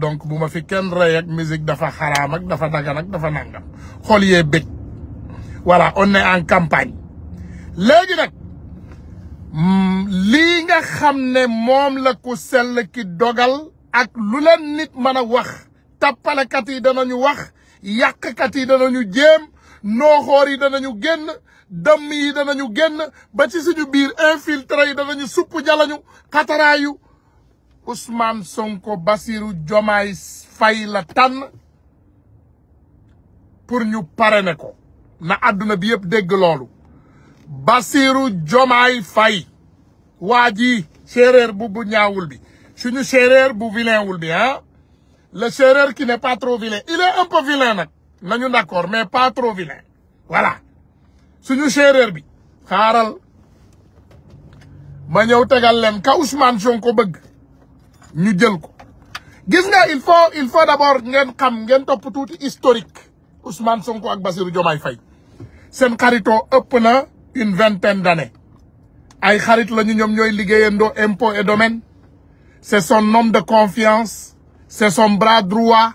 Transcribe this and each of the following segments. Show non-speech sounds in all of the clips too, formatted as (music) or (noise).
donc bu ma fi kenn rey ak musique dafa xaraam ak dafa dagan ak dafa nangam xool yee bëgg voilà on est en campagne léegi nag hmm, lii nga xam ne moom la ku sell ki dogal ak lu leen nit mën a wax tappalekat yi ñu wax yàqkat yi ñu jéem nooxoor yi danañu génn dëmm yi danañu génn ba ci suñu biir infiltré yi danañu supp jalañu xataraayu Ousmane Sonko Basirou Diomaye Faye la tan pour ñu parrainer ko na aduna bi yëpp dégg lolu Basirou Diomaye Faye waji ji bu bu ñaawul bi suñu séeréer bu vilain wul bi ah le séeréer qui n'est pas trop vilain il est un peu vilain nak nañu d'accord mais pas trop vilain voilà suñu bi xaaral ma ñew tégal len ka Ousmane Sonko bëgg ñu jël ko gis nga il faut il faut d'abord ngeen xam ngeen top tout historique Ousmane Sonko ak Bassirou Diomay Fay sen xaritoo ëpp na une vingtaine d'années ay xarit la ñu impôt et domaine c'est son homme de confiance c'est son bras droit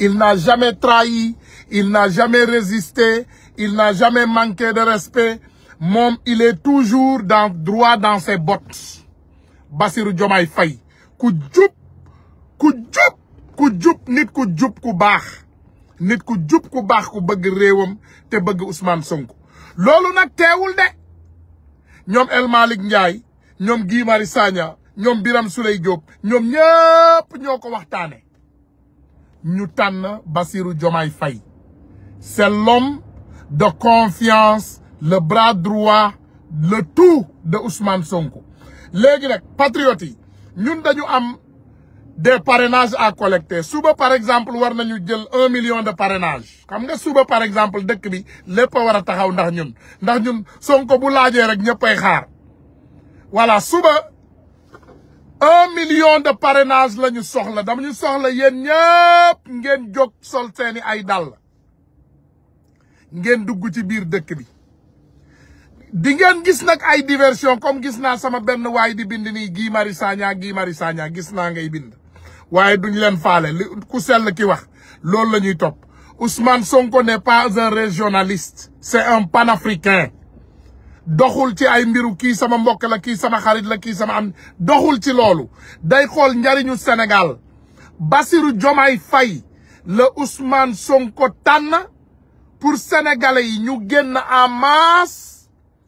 il n'a jamais trahi il n'a jamais résisté il n'a jamais manqué de respect mom il est toujours dans droit dans ses bottes Bassirou Diomay Faye ku jub ku jub ku jub nit ku jub ku baax nit ku jub ku baax ku bëgg réewam te bëgg Ousmane Sonko loolu nag teewul de ñoom El Malick Ndiaye ñoom Guy Marius ñoom biram Souleye Diop ñoom ñëpp ñoo ko waxtaane ñu tànn Bassirou Diomaye Faye c'est l'homme de confiance le bras droit le tout de Ousmane Sonko léegi nag patriote yi ñun dañu am des parrainages à collecter suba par exemple war nañu jël 1 million de parrainage xam nga suba par exemple dëkk bi lépp a war a taxaw ndax ñun ndax ñun Sonko bu laajee rek de xaar voilà suba 1 million de parrainage la ñu soxla dama ñu soxla yéen ñëpp ngeen jóg sol seeni ay dàll ngeen dugg ci biir dëkk bi di ngeen gis nag ay diversion comme gis naa sama benn waay di bind ni Guy Marius Sagna Guy Marius Sagna gis naa ngay bind waaye duñ leen faale li ku sell ki wax loolu la ñuy topp Ousmane Sonko ne pas un régionaliste c'est un panafricain doxul ci ay mbiru kii sama mbokk la kii sama xarit la kii sama am doxul ci loolu day xool njariñu Sénégal Bassirou Diomaye fay la Ousmane Sonko tànn pour sénégalais yi ñu génn en masse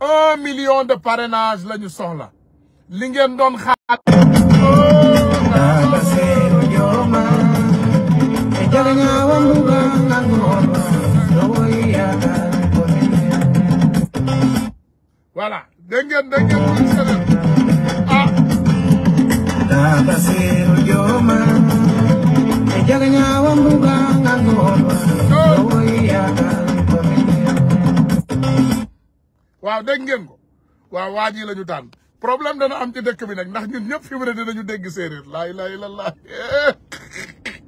un million de parrainage la ñu soxla li ngeen doon xaar voilà dégg ngeen dégg ngeen seen ah Daba Seydou Dioma e jagañaawam buga dégg ngeen ko waaw waa ji lañu taan problème dana am ci dëkk bi nag ndax ñun ñëpp fi mu ne ñu dégg séeréer laa ilaha illallah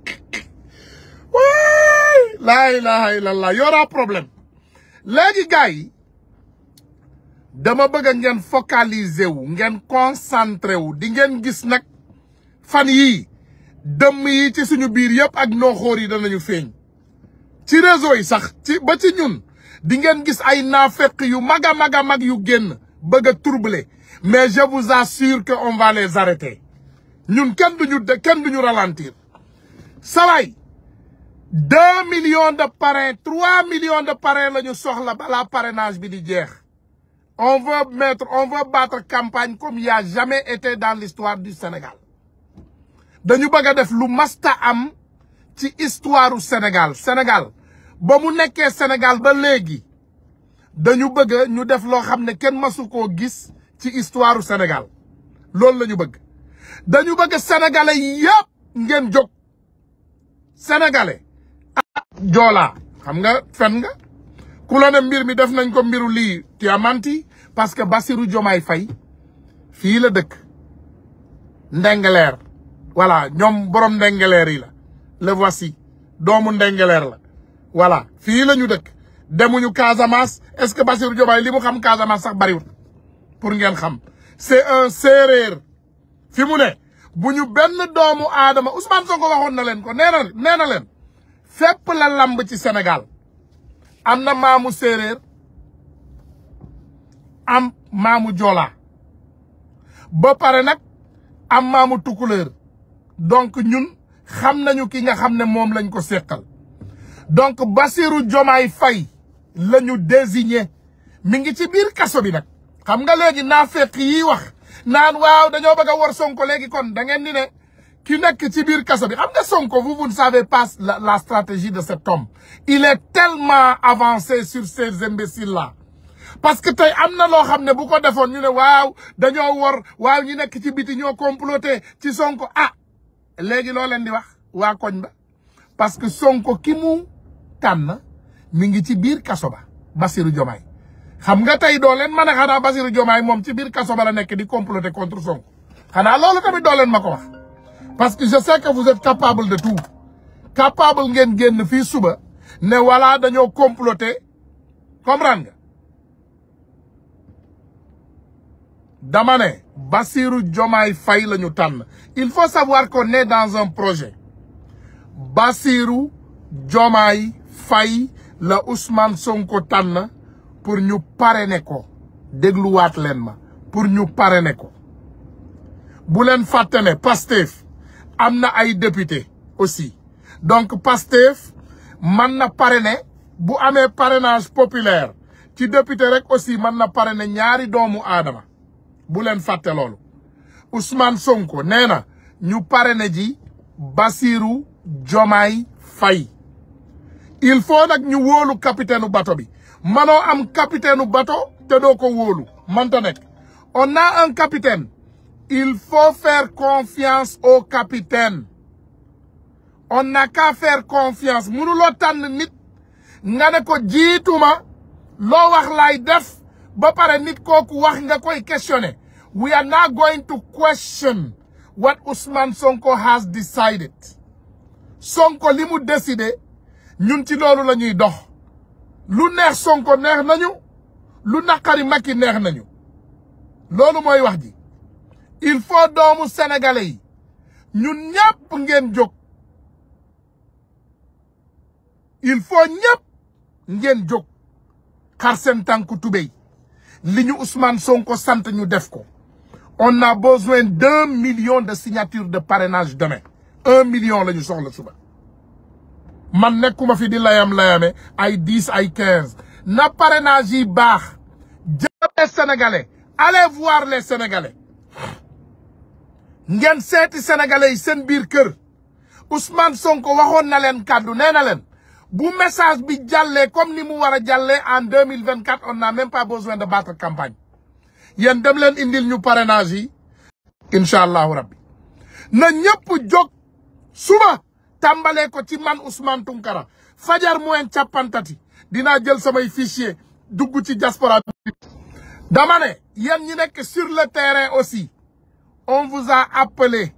(laughs) waay laa ilaha illallah y'aura problème léegi gars yi dama bëgg a ngeen focaliser wu ngeen concentré wu di ngeen gis nag fan yi dëmm yi ci suñu biir yëpp ak nooxóor yi danañu feeñ ci réseau yi sax ci ba ci ñun di ngeen gis ay nafaq yu maga maga mag troublés. yu mais je vous assure que on va les arrêter ñun ne duñu de kenn duñu ralentir saway 2 millions de parrains 3 millions de parrains sont soxla ba la parrainage bi di jeex on veut mettre on battre campagne comme il n'y a jamais été dans l'histoire du Sénégal dañu bëgg a def lu masta am ci histoire Sénégal Sénégal ba mu nekké Sénégal ba légui dañu bëgg ñu def lo xamné kèn kenn gis ci histoire Sénégal lool lañu bëgg dañu bëgg sénégalais yépp ngeen jóg sénégalais ak ah, jola xam nga fen nga ku la né mbir mi def nañ ko mbiru li ti amanti parce que Bassirou Diomaye fay fi la dëkk ndengeleer voilà ñom borom ndengeleer yi la le voici domou la voilà fii la ñu dëkk demuñu Casamance est-ce que Bassirou Diomaye li mu xam Casamance sax bariwul pour ngeen xam c'est un séeréer fi mu ne bu ñu benn doomu aadama Ousmane Sonko waxoon na leen ko nee na nee na leen ci Sénégal am na maamu séeréer am maamu joolaa ba pare nag am maamu tukuleur donc ñun xam nañu ki nga xam ne moom lañ ko seqal donc Bassirou Diomaye Faye la nous désigné mi ngi ci biir kasso bi nak xam nga legui naa fekk yi wax nan waw dañoo bëgg a war Sonko legui kon da ngeen ni ne ki nekk ci biir kasso bi xam nga Sonko vous vous ne savez pas la, stratégie de cet homme il est tellement avancé sur ces imbéciles là parce que tu as lo xamne ne bu ko defone ñu ne waw dañoo wor waw ñu nekk ci biti ñoo comploté ci Sonko ah legui lo leen di wax wa koñ ba parce que Sonko ki mu tànn mi ngi ci basiru jomai. ba Bassirou Diomaye xam nga tay do len mën a basirou Diomaye ci bir la di comploter contre son. xanaa loolu tamit do len parce que je sais que vous êtes capable de tout capable ngène génn fi suba ne wala daño comploter comprendre nga dama ne basirou Diomaye fay lañu tan il faut savoir qu'on est dans un projet Basiru Diomaye fay la Ousmane Sonko tànn pour ñu pare parrainer ko dégluwaat leen ma pour ñu pare parrainer ko bu leen fàtte ne Pastef am na ay député aussi donc Pastef mën na parrainer bu amee parrainage populaire ci député rek aussi mën na parrainer ñaari doomu aadama bu leen fàtte loolu Ousmane Sonko nee na ñu parrainer ji Bassirou jomay fay il faut nous ñu le capitaine du bateau. bi mano am capitaine du bateau te doo ko on a un capitaine il faut faire confiance au capitaine on n'a qu'à faire confiance lo tan nit nga ne ko jiituma lo wax def ba paré nit koku wax nga koy questionner we are not going to question what Ousmane Sonko has decided Sonko limu décidé ñun ci lolu lañuy dox lu neex Sonko neex nañu lu nakari makki neex nañu lolu moy wax ji il faut doomu sénégalais yi ñun ñepp ngeen il faut ñepp ngeen sommes xar Ousmane Sonko sante ñu def on a besoin d'un million de signatures de parrainage demain un million sommes tous soxla man nekkuma fi di layam-layame ay dix ay quinze na parrainage yi baax jàppale sénégalais allez voir les sénégalais ngeen seeti sénégalais yi seen biir kër Ousmane Sonko waxoon na leen kàddu nee na leen bu message bi jàllee comme ni mu war a jàllee en deux mille vingt quatre on n'a même pas besoin de battre campagne yéen dem leen indil ñu parrainage yi incha allahu rabbi na ñëpp jóg suba tàmbalee ko ci man Ousmane Tounkara fajar moins càppantati dinaa jël samay fichier dugg ci diaspora bi ñi nekk sur le terrain aussi on vous a appelé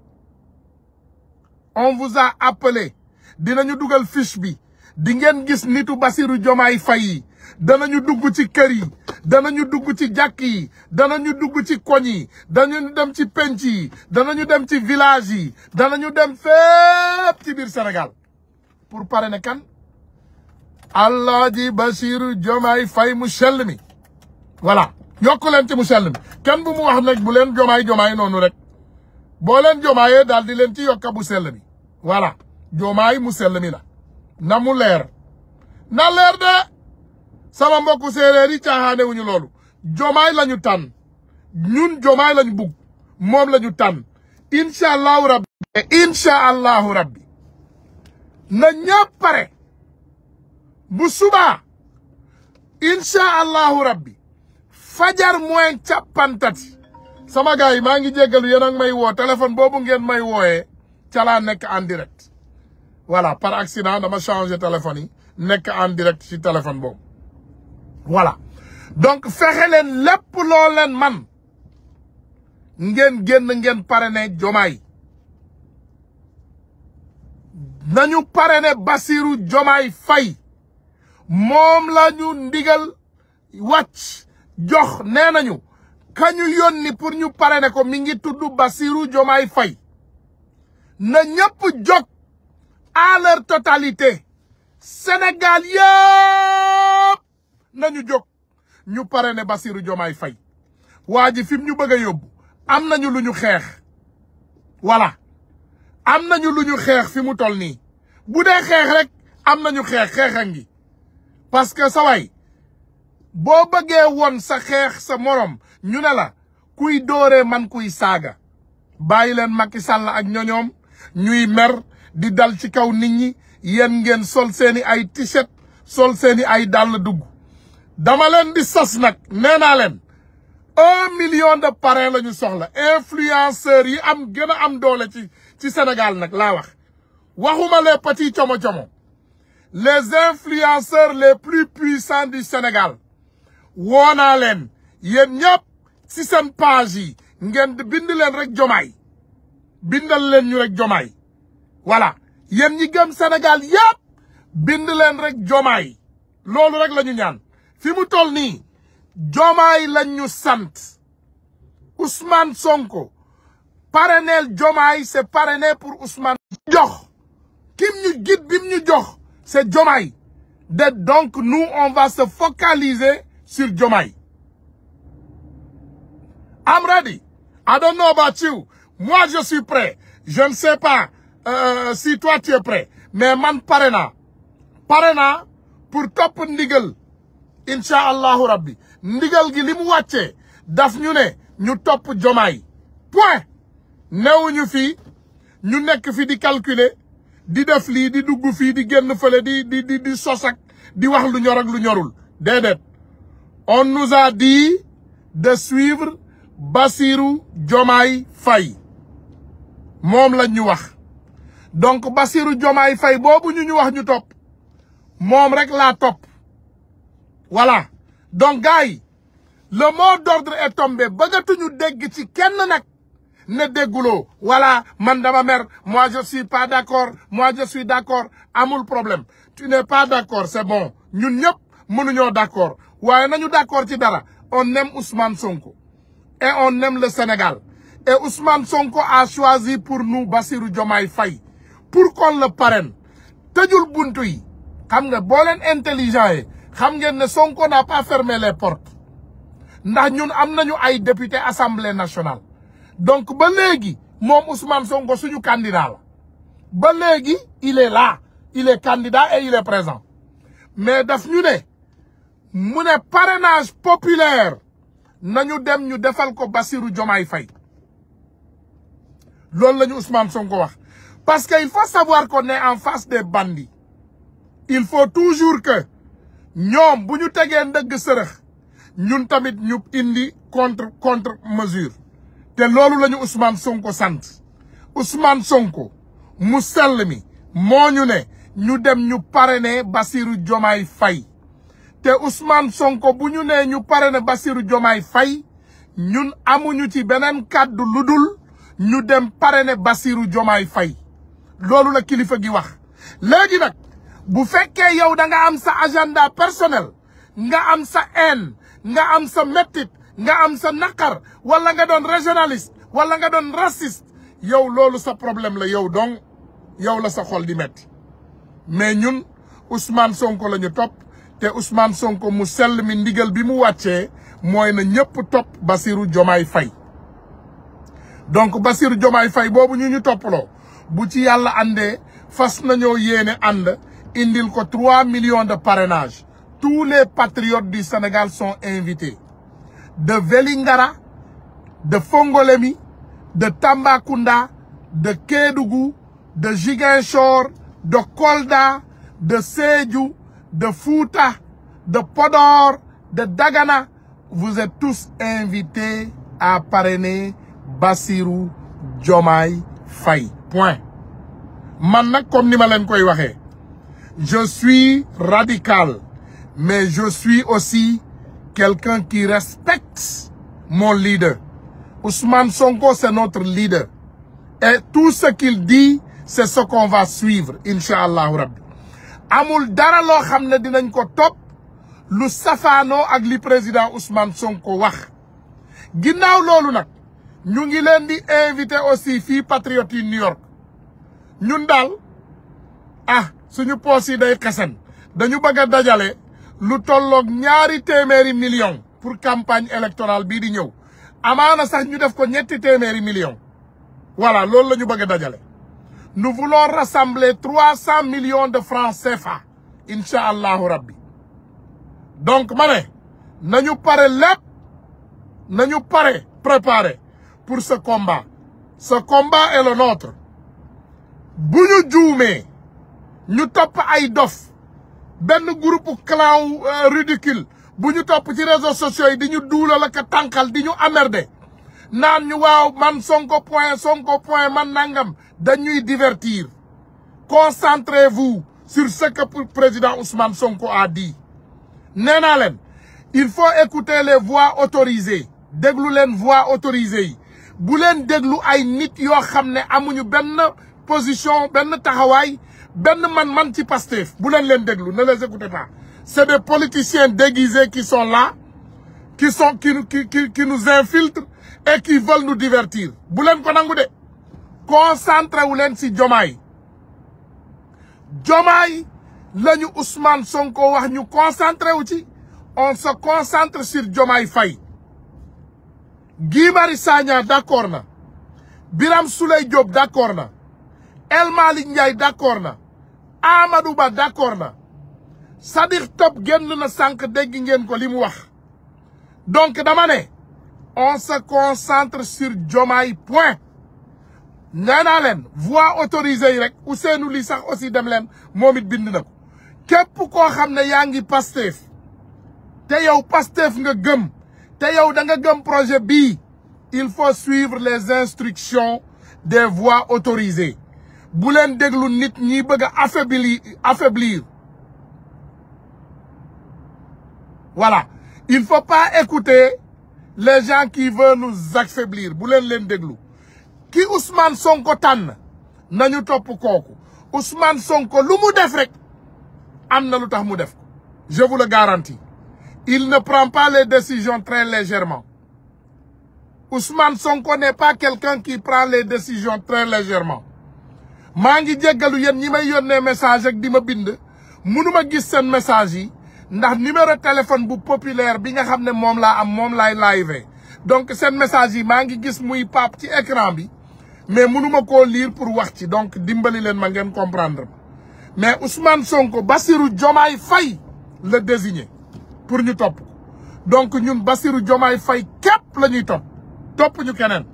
on vous a appelé dugal fiche bi di ngeen gis nitu Bassirou Diomaye Faye yi danañu dugg ci kër yi danañu dugg ci jàkk yi danañu dugg ci koñ yi danañu dem ci penc yi danañu dem ci village yi danañu dem fépp ci biir Sénégal pour pare ne kan Alaaji Basiru Jomaay Fay mu sell mi voilà yokk leen ci mu sell mi kenn bu mu wax nag bu leen jomaay jomaay noonu rek boo leen jomaayee daal di leen ci yokka bu sell mi voilà jomaay mu sell mi la na mu leer na leer de sama mbokku séeréer yi caaxaane wuñu loolu jomaay la tànn ñun jomaay lañu bugg moom la ñu tànn incha allahu rabbi incha allahu rabbi na ñëpp pare bu subaa incha allahu rabbi fajar mooy càppantati sama gars yi maa ngi jéggalu yéen ak may woo téléphone boobu ngeen may wooyee calaa nekk en direct voilà par accident dama changé téléphone yi nekk en direct ci téléphone boobu voilà donc fexe lépp loo man ngen génn ngeen parrainé Diomaye nañu parrainé Bassirou jomay fay moom la ñu ndigal wàcc jox nee nañu ka yónni pour ñu parrainé ko mi ngi tudd jomay Diomaye Faye na ñëpp jóg à leur nañu jog ñu pare ne Bassirou Diomaye Faye waa ji ñu bëgg yobbu amna am nañu lu ñu xeex voilà am nañu lu ñu fi mu toll bu dé xex rek am nañu parce que sa way boo bëggee sa xex sa morom ñu ne la kuy doré man kuy saga. bàyyi leen Macky Sall ak ñoñom ñuy mer di dal ci kaw nit ñi yeen ngeen sol seeni ay t-shirt sol seeni ay dal dama leen di sas nag nee naa leen un million de parrain la ñu soxla influenceurs yi am gën a am doole ci ci Sénégal nag laa wax waxuma les petits como-como les influenceurs les plus puissants du Sénégal woo naa leen yéen ñëpp si seen page yi ngeen bind leen rek jomaay bindal leen ñu rek jomaay voilà yéen ñi gëm Sénégal yëpp bind leen rek jomaay loolu rek la ñu ñaan fimutolni jomai toll Ousmane Sonko parrainel jomaay c'est parrainé pour Ousmane kim nous guide, c'est jomaay donc nous on va se focaliser sur Jomai. I'm ready I don't know about you moi je suis prêt je ne sais pas euh, si toi tu es prêt mais man parrainé. parena pour Top Nigel. insha Allah rabbi ndigal gi limu wacce daf ñu ne ñu top jomay point ñu fi ñu nek fi di calculer di def li di dugg fi, di genn fele di di di di sosak di wax lu ñor ak lu ñorul dedet on nous a dit de suivre Basiru jomay fay mom lañ ñu wax donc basiru jomay fay bobu ñu ñu wax ñu top mom rek la top voilà donc gars le mot d'ordre est tombé que nous ci kenn nag ne dégoulo. voilà man dama moi je suis pas d'accord moi je suis d'accord amul problème tu n'es pas d'accord c'est bon Nous sommes sommes d'accord nous nañu d'accord ci dara on aime Ousmane Sonko et on aime le Sénégal et Ousmane Sonko a choisi pour nous Bassirou Diomaye Faye pour qu'on le parraine tëjul buntu yi comme nga boo intelligent xam ngeen Sonko n'a pas fermé les portes Nous ñun am ay député assemblée nationale donc ba légui mom Ousmane Sonko suñu candidat la ba il est là il est candidat et il est présent mais daf ñu né mu parrainage populaire nañu dem ñu defal ko Bassirou Diomaye Fay. loolu lañu Ousmane Sonko wax parce qu'il faut savoir qu'on est en face des bandits il faut toujours que ñoom bu ñu tegee ndëgg sërëx ñun tamit ñu indi contre contre mesure te loolu lañu ñu Sonko sant Ousmane Sonko mu sell mi moo ñu ne ñu dem ñu parrainé Bassirou Diomaye Faye te Ousmane Sonko bu ñu ne ñu parrainé Bassirou Diomaye Faye ñun amuñu ci beneen kàddu lu dul ñu dem parrainé Bassirou Diomaye fay loolu la kilifa gi wax léegi nag bu fekkee yow da nga am sa agenda personnel nga am sa haine nga am sa mettit nga am sa naqar wala nga doon régionaliste wala nga doon raciste yow loolu sa problème la yow donc yow la sa xol di metti mais ñun Ousmane Sonko la ñu topp te Ousmane Sonko mu sell mi bi mu wàccee mooy na ñëpp topp basiiru Diomaye fay donc Basirou Diomaye fay boobu ñu ñu topploo bu ci yàlla àndee fas nañoo yéene ànd indil ko 3 millions de parrainage tous les patriotes du Sénégal sont invités de Velingara, de Fongolemi de Tambakunda, de Kédougou de Jigenshor, de Kolda de Sédhiou de Fouta de Podor de Dagana vous êtes tous invités à parrainer Bassirou Djomai Faye point Maintenant comme je suis radical, mais je suis aussi quelqu'un qui respecte mon leader. Ousmane Sonko, c'est notre leader. Et tout ce qu'il dit, c'est ce qu'on va suivre, inch'Allah Rabbi. amul dara lo xam Top, dinañ ko top. lu président Ousmane Sonko wax ginnaaw loolu nag ñu invité aussi fi Patriotes New York ñun avons... ah suñu poos day xasan dañu bëgg dajalé dajale lu tollok ñaari téeméeri million pour campagne électorale bi di ñëw amana sax ñu def ko ñetti téeméeri million voilà loolu lañu bëgg dajale nous voulons rassembler 300 millions de francs CFA inshallah rabbi donc mané nañu paré lépp nañu paré préparer pour ce combat ce combat est le nôtre buñu ñu ñu top ay dof ben groupe clan euh, ridicule bu ñu topp ci réseaux sociaux yi di ñu duulal ak tànqal di ñu amerde naan ñu waaw man sonko point sonko point man nangam dañuy divertir concentrez-vous sur ce que le président Ousmane Sonko a dit nee il faut écouter les voix autorisées déglu len voix autorisées bu len déglu ay nit yo xam amuñu ben position ben taxaway benn man-man ci Pastef bu leen leen déglu ne les écoutez pas c'est des politiciens déguisés qui sont ki son sont qui qui qui, qui nous infiltrent et qui veulent nous divertir bu leen ko nangu de concentré wu leen si Jomaay Jomaay la ñu Ousmane Sonko wax ñu concentré wu ci on se concentre sur Jomaay fay Guy Marius Sagna d'accord na biram Souleye Diop d'accord na El Malick Ndiaye d'accord na Amadou Ba d'accord na Top génn na sank dégg ko limu wax donc dama on se concentre sur Jomai point nee naa leen voix autorisée rek li sax aussi dem leen moom it bind na ko képp koo xam ne Pastef te yow Pastef nga gëm te yow da nga gëm projet bi. il faut suivre les instructions des voies autorisées il ne nit ñi affaiblir affaiblir voilà il faut pas écouter les gens qui veulent nous affaiblir bu leen Glou. Qui ki Ousmane Sonko tan nañu top koku Ousmane Sonko lu mu def je vous le garantis il ne prend pas les décisions très légèrement Ousmane Sonko n'est pas quelqu'un qui prend les décisions très légèrement maa ngi jéggalu yéen ñi may yónnee message ak di ma bind mënuma gis seen message yi ndax numéro téléphone bu populaire bi nga xam ne moom laa am moom laay live donc seen message yi maa ngi gis muy pap ci écran bi mais mënuma koo liir pour wax ci donc dimbali leen ma ngeen comprendre mais Ousmane Sonko Bassirou Diomaye fay la désigné pour ñu topp donc ñun Bassirou Diomaye fay képp la ñuy topp topp ñu keneen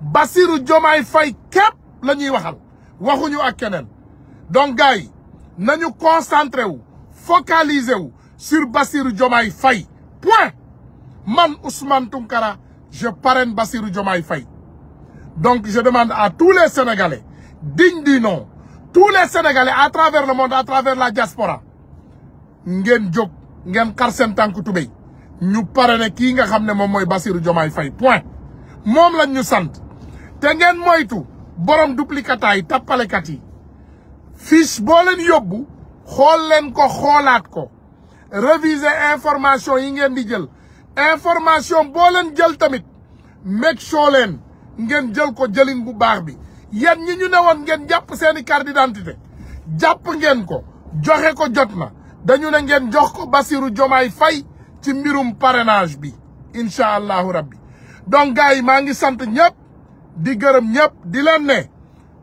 Bassirou Diomaye fay képp la ñuy waxal ak donc gars nous nañu concentré wu focaliser wu sur Bassirou Diomaye Faye point man Ousmane Tunkara... je parraine Bassirou Diomaye Faye donc je demande à tous les Sénégalais dignes du nom tous les Sénégalais à travers le monde à travers la diaspora nous jóg ngeen xar nous tànk tubéy ñu de ki nga xamné ne moy Basir Diomaye Faye point nous lañ ñu sante té et moytu borom duplicataay tappalekat yi fiche boo leen yóbbu xool leen ko xoolaat ko réviser information yi ngeen di jël information booleen jël tamit make sure leen ngeen jël ko jëlin bu baax bi yan ñi ñu ne woon ngeen jàpp seeni carte d'identité jàpp ngeen ko joxe ko jot na dañu ne ngeen jox ko basiiru Diomaye fay ci mbirum parrainage bi incha allahu rabbi donc gars yi maa ngi sant ñëpp di gërëm ñëpp di leen ne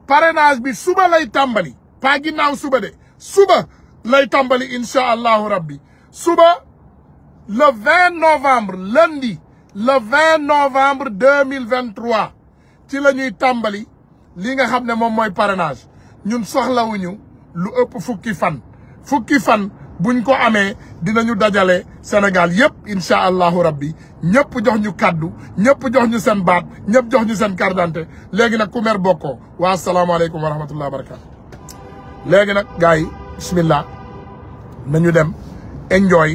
parrainage bi suba lay tàmbali pas ginnaaw suba de suba lay tàmbali incha allahu rabbi suba le 20 novembre lundi le 20 novembre 2023 ci la ñuy tàmbali li nga xam ne moom mooy parrainage ñun soxlawuñu lu ëpp fukki fan fukki fan buñ ko amee dinañu dajale Sénégal yépp incha allahu rabbi ñëpp jox ñu kàddu ñëpp jox ñu seen baat ñëpp jox ñu seen carte d'identité léegi nag ku mer bokkoo waa asalaamaaleykum wa rahmatullahi wa barakatu léegi nag gars yi bismillah nañu dem enjoy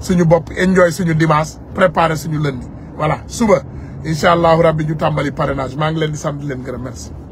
suñu bopp enjoy suñu dimanche préparer suñu lundi voilà suba incha allahu rabbi ñu tàmbali parrainage maa ngi di sant leen gërëm